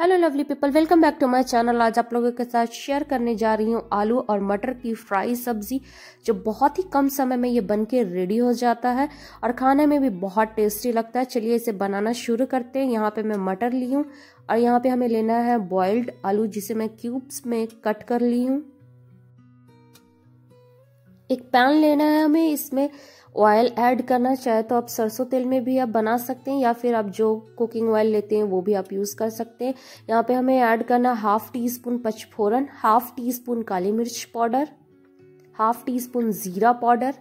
hello lovely people welcome back to my channel आज आप लोगों के साथ शेयर करने जा रही हूँ आलू और मटर की फ्राई सब्जी जो बहुत ही कम समय में ये बन के रेडी हो जाता है और खाने में भी बहुत टेस्टी लगता है चलिए इसे बनाना शुरू करते हैं यहाँ पे मैं मटर ली हूँ और यहाँ पे हमें लेना है बॉयल्ड आलू जिसे मैं क्यूब्स में कट कर ली हूँ एक पैन लेना है हमें इसमें ऑयल ऐड करना चाहे तो आप सरसों तेल में भी आप बना सकते हैं या फिर आप जो कुकिंग ऑयल लेते हैं वो भी आप यूज़ कर सकते हैं यहाँ पे हमें ऐड करना हाफ टी स्पून पचफोरन हाफ टी स्पून काली मिर्च पाउडर हाफ टी स्पून ज़ीरा पाउडर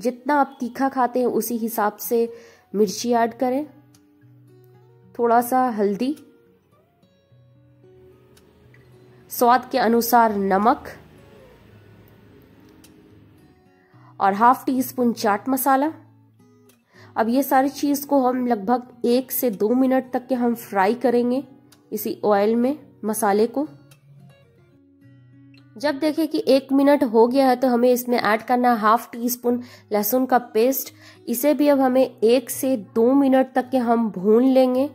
जितना आप तीखा खाते हैं उसी हिसाब से मिर्ची ऐड करें थोड़ा सा हल्दी स्वाद के अनुसार नमक और half teaspoon chaat masala अब ये सारी चीज़ को हम लगभग एक से दो मिनट तक के हम फ्राई करेंगे इसी ऑयल में मसाले को जब देखें कि एक मिनट हो गया है तो हमें इसमें ऐड करना है हाफ टी स्पून लहसुन का पेस्ट इसे भी अब हमें एक से दो मिनट तक के हम भून लेंगे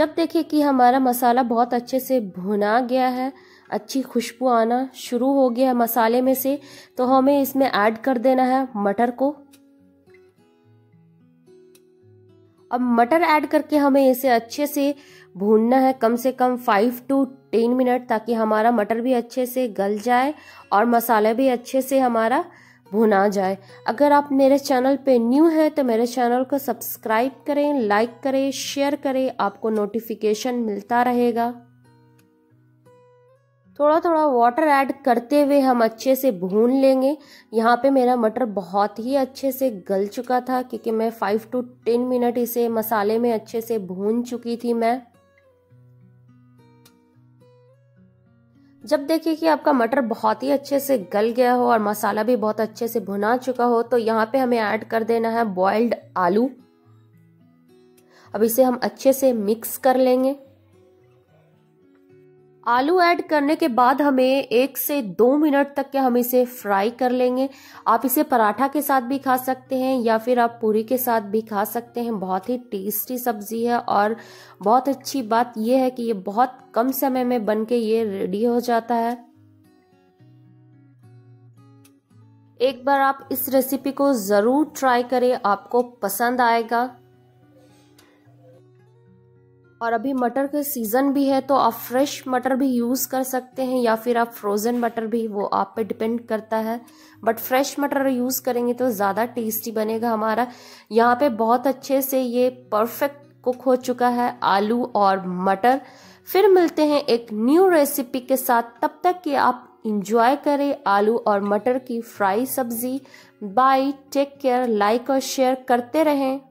जब देखें कि हमारा मसाला बहुत अच्छे से भुना गया है अच्छी खुशबू आना शुरू हो गया है मसाले में से तो हमें इसमें ऐड कर देना है मटर को अब मटर ऐड करके हमें इसे अच्छे से भूनना है कम से कम फाइव टू टेन मिनट ताकि हमारा मटर भी अच्छे से गल जाए और मसाला भी अच्छे से हमारा भुना जाए अगर आप मेरे चैनल पे न्यू हैं तो मेरे चैनल को सब्सक्राइब करें लाइक करें शेयर करें आपको नोटिफिकेशन मिलता रहेगा थोड़ा थोड़ा वाटर ऐड करते हुए हम अच्छे से भून लेंगे यहाँ पे मेरा मटर बहुत ही अच्छे से गल चुका था क्योंकि मैं फाइव टू टेन मिनट इसे मसाले में अच्छे से भून चुकी थी मैं जब देखिए कि आपका मटर बहुत ही अच्छे से गल गया हो और मसाला भी बहुत अच्छे से भुना चुका हो तो यहाँ पे हमें ऐड कर देना है बॉइल्ड आलू अब इसे हम अच्छे से मिक्स कर लेंगे आलू ऐड करने के बाद हमें एक से दो मिनट तक के हम इसे फ्राई कर लेंगे आप इसे पराठा के साथ भी खा सकते हैं या फिर आप पूरी के साथ भी खा सकते हैं बहुत ही टेस्टी सब्जी है और बहुत अच्छी बात यह है कि ये बहुत कम समय में बन के ये रेडी हो जाता है एक बार आप इस रेसिपी को ज़रूर ट्राई करें आपको पसंद आएगा और अभी मटर का सीज़न भी है तो आप फ्रेश मटर भी यूज़ कर सकते हैं या फिर आप फ्रोज़न मटर भी वो आप पे डिपेंड करता है बट फ्रेश मटर यूज़ करेंगे तो ज़्यादा टेस्टी बनेगा हमारा यहाँ पे बहुत अच्छे से ये परफेक्ट कुक हो चुका है आलू और मटर फिर मिलते हैं एक न्यू रेसिपी के साथ तब तक कि आप इंजॉय करें आलू और मटर की फ्राई सब्जी बाय टेक केयर लाइक और शेयर करते रहें